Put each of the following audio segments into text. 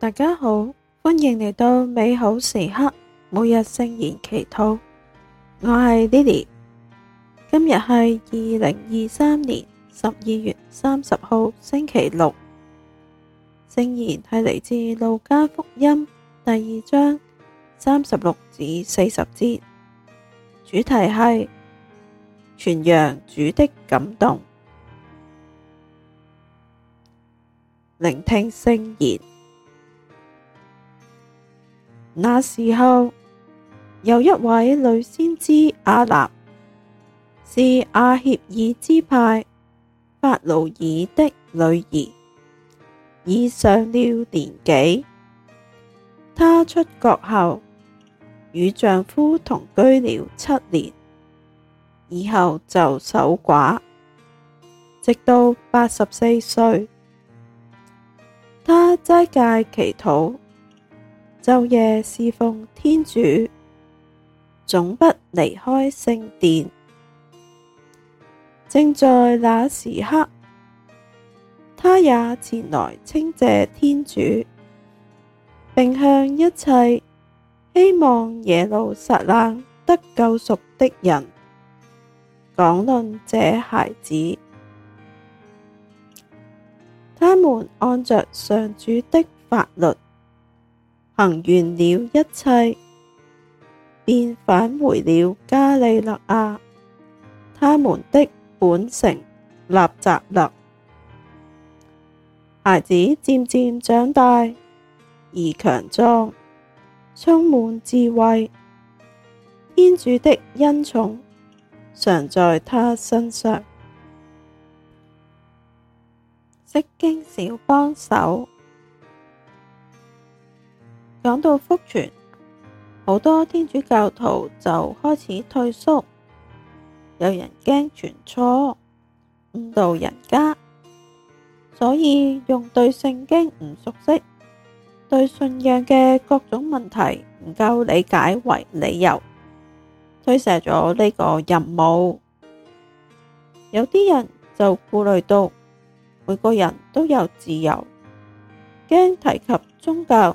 大家好，歡迎嚟到美好時刻，每日聖言祈禱。我係 Lily，今日係二零二三年十二月三十號星期六，聖言係嚟自路加福音第二章三十六至四十節，主題係傳揚主的感動，聆聽聖言。那時候，有一位女先知亞納，是阿協爾支派法奴耳的女兒，已上了年紀。她出閣後，與丈夫同居了七年，以後就守寡，直到八十四歲，她齋戒祈禱。晝夜侍奉天主，總不離開聖殿。正在那時刻，他也前來稱謝天主，並向一切希望耶路撒冷得救贖的人，講論這孩子。他們按着上主的法律，行完了一切，便返回了加里肋亞，他們的本城納匝肋。孩子漸漸長大而強壯，充滿智慧，天主的恩寵常在他身上，釋經小幫手。講到福傳，好多天主教徒就開始退縮，有人驚傳錯，誤導人家，所以用對聖經唔熟悉，對信仰嘅各種問題唔夠理解為理由，推卸咗呢個任務。有啲人就顧慮到每個人都有自由，驚提及宗教。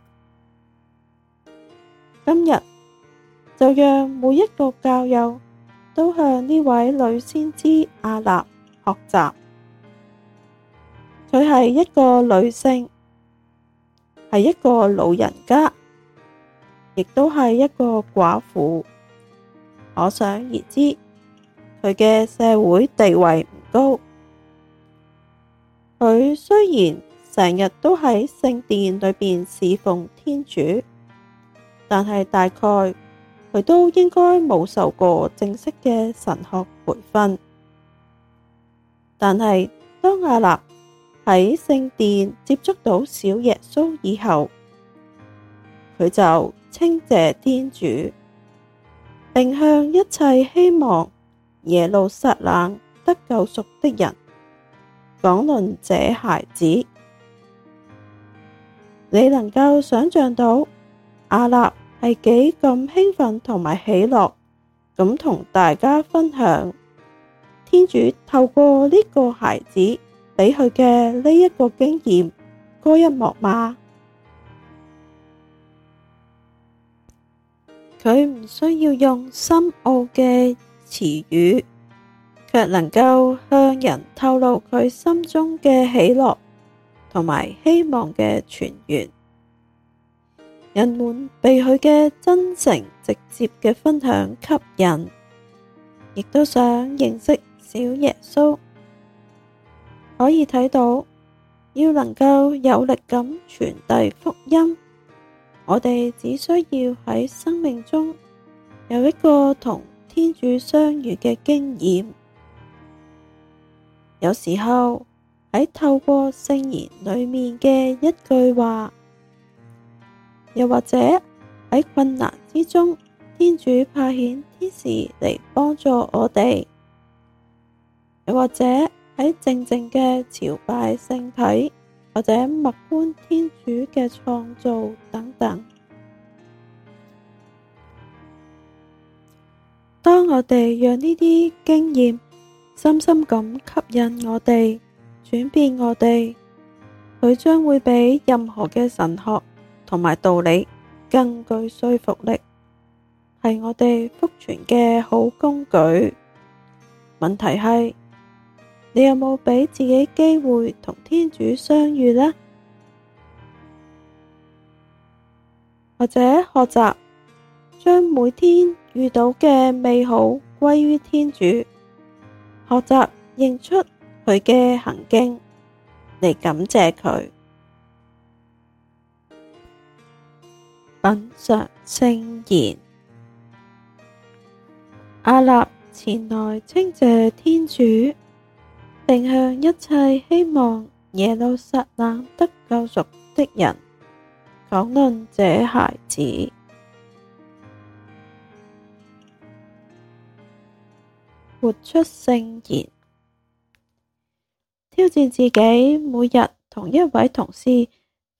今日就讓每一個教友都向呢位女先知亞納學習。佢係一個女性，係一個老人家，亦都係一個寡婦。可想而知，佢嘅社會地位唔高。佢雖然成日都喺聖殿裏邊侍奉天主。但係大概佢都應該冇受過正式嘅神學培訓。但係當亞納喺聖殿接觸到小耶穌以後，佢就稱謝天主，並向一切希望耶路撒冷得救贖的人講論這孩子。你能夠想象到亞納係幾咁興奮同埋喜樂，咁同大家分享。天主透過呢個孩子俾佢嘅呢一個經驗，嗰一幕嘛，佢唔需要用深奧嘅詞語，卻能夠向人透露佢心中嘅喜樂同埋希望嘅泉源。人們被佢嘅真誠直接嘅分享吸引，亦都想認識小耶穌。可以睇到，要能夠有力咁傳遞福音，我哋只需要喺生命中有一個同天主相遇嘅經驗。有時候，喺透過聖言裏面嘅一句話。又或者喺困難之中，天主派遣天使嚟幫助我哋；又或者喺靜靜嘅朝拜聖體，或者默觀天主嘅創造等等。當我哋讓呢啲經驗深深咁吸引我哋，轉變我哋，佢將會比任何嘅神學，同埋道理更具說服力，係我哋福傳嘅好工具。問題係，你有冇俾自己機會同天主相遇呢？或者學習將每天遇到嘅美好歸於天主，學習認出佢嘅行徑，嚟感謝佢。品嘗聖言，亞納前來稱謝天主，並向一切希望耶路撒冷得救贖的人講論這孩子。活出聖言，挑戰自己，每日同一位同事。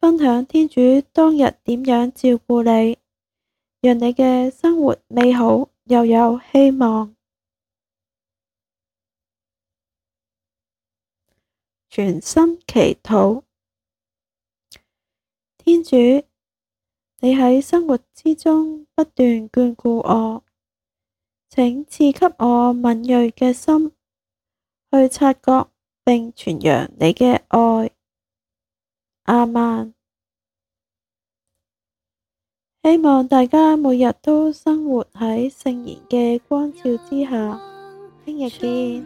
分享天主當日點樣照顧你，讓你嘅生活美好又有希望。全心祈禱，天主，你喺生活之中不斷眷顧我，請賜給我敏銳嘅心，去察覺並傳揚你嘅愛。阿曼，希望大家每日都生活喺聖言嘅光照之下。聽日見。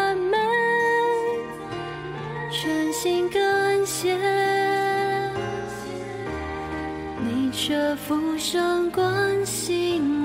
心更險，你卻負傷關心。